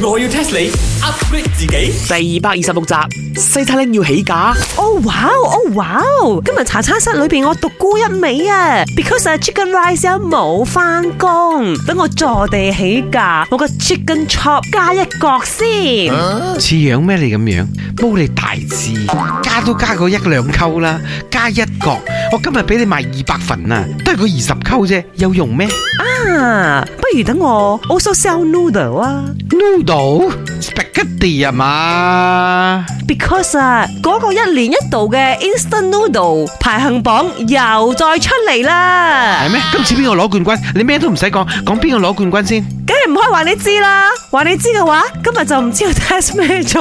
我要 test 你 upgrade 自己。2 第二百二十六集，西餐廳要起價。哦，嘩哦，嘩今日茶餐室裏邊我獨沽一味啊，because 係 chicken rice 冇返工，等我坐地起價，我個 chicken chop 加一角先。似、啊、樣咩你咁樣，煲，你大字加都加過一兩扣啦，加一角，我今日俾你賣二百份啊，都得佢二十扣啫，有用咩？啊，不如等我，also sell noodle 啊，noodle spaghetti 啊嘛，because 啊，嗰個一年一度嘅 Instant Noodle 排行榜又再出嚟啦，係咩？今次邊個攞冠軍？你咩都唔使講，講邊個攞冠軍先？梗係唔可以話你知啦，話你知嘅話，今日就唔知道 test 咩咗。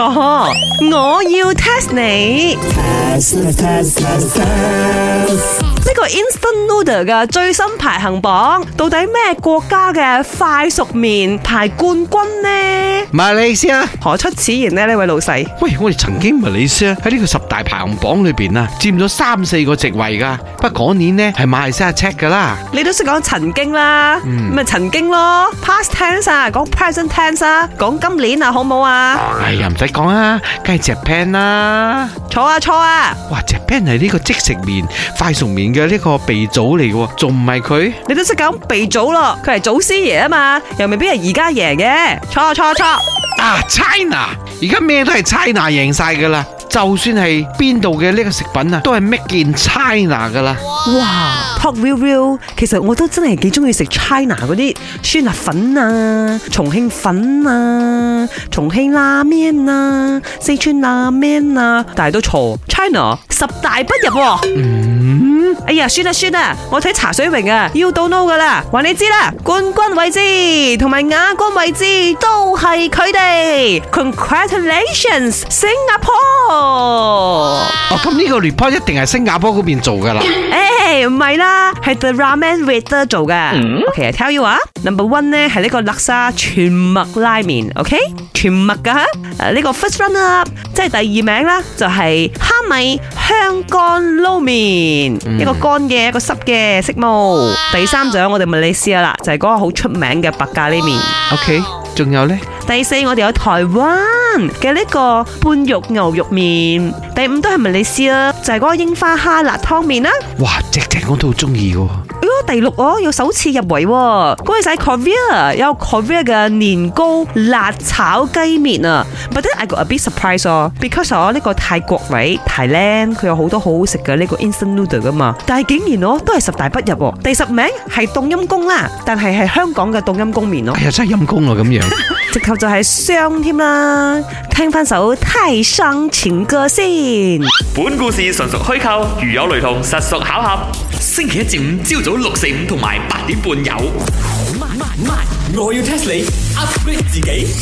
我要 test 你，test test test，呢個 Instant Noodle 嘅最新排行榜到底？咩國家嘅快熟麵排冠軍呢？馬來西亞啊？何出此言呢？呢位老細，喂，我哋曾經馬來西亞啊！喺呢個十大排行榜裏邊啊，佔咗三四個席位噶。不過嗰年呢，係馬來西亞 check 噶啦。你都識講曾經啦，咁咪、嗯、曾經咯？Past tense 啊，講 present tense 啊，講今年啊，好唔好啊？哎呀，唔使講啦，梗係 Japan 啦。錯啊錯啊！坐啊坐啊哇，Japan 係呢個即食麵、快熟麵嘅呢個鼻祖嚟嘅，仲唔係佢？你都識講鼻祖咯，佢係祖師爺啊嘛，又未必係而家贏嘅。錯錯錯！坐啊坐啊啊，China！而家咩都係 China 贏晒噶啦，就算係邊度嘅呢個食品哇哇啊，都係 make in China 噶啦。哇，talk real real，其實我都真係幾中意食 China 嗰啲酸辣粉啊、重慶粉啊、重慶拉麵啊、四川拉麵啊，但係都錯，China 十大不入，啊。嗯嗯，哎呀，算啦算啦，我睇茶水榮啊，要到 no 噶啦，話你知啦，冠軍位置同埋亞軍位置都係佢哋，Congratulations，新加坡。哦，咁呢個 report 一定係新加坡嗰邊做噶啦。誒，唔係啦，係 the ramen Rater 做噶。OK，tell you 啊，number one 咧係呢個樂沙全麥拉麵，OK，全麥噶吓。誒，呢個 first runner-up 即係第二名啦，就係。係香乾撈麵，一個乾嘅，一個濕嘅色毛。第三就有我哋馬來西亞啦，就係嗰、就是、個好出名嘅白咖喱麵。哇 OK，仲有呢？第四我哋有台灣。嘅呢個半肉牛肉麵，第五都係咪你試啦，就係嗰個櫻花蝦辣湯麵啦。哇，隻隻我都好中意嘅。哦，第六我又首次入圍，嗰位係 Korea 有 Korea 嘅年糕辣炒雞麵啊。But I got a bit surprise 啊，because 呢個泰國位 Thailand 佢有好多好好食嘅呢個 Instant Noodle 噶嘛，但係竟然囉都係十大不入。第十名係冬陰功啦，但係係香港嘅冬陰功麵咯。係啊，真係陰功啊，咁樣。直頭就係傷添啦，聽翻首《太傷情歌》先。本故事純屬虛構，如有雷同，實屬巧合。星期一至五朝早六四五同埋八點半有。Oh、my, my, my. 我要 test 你 upgrade 自己。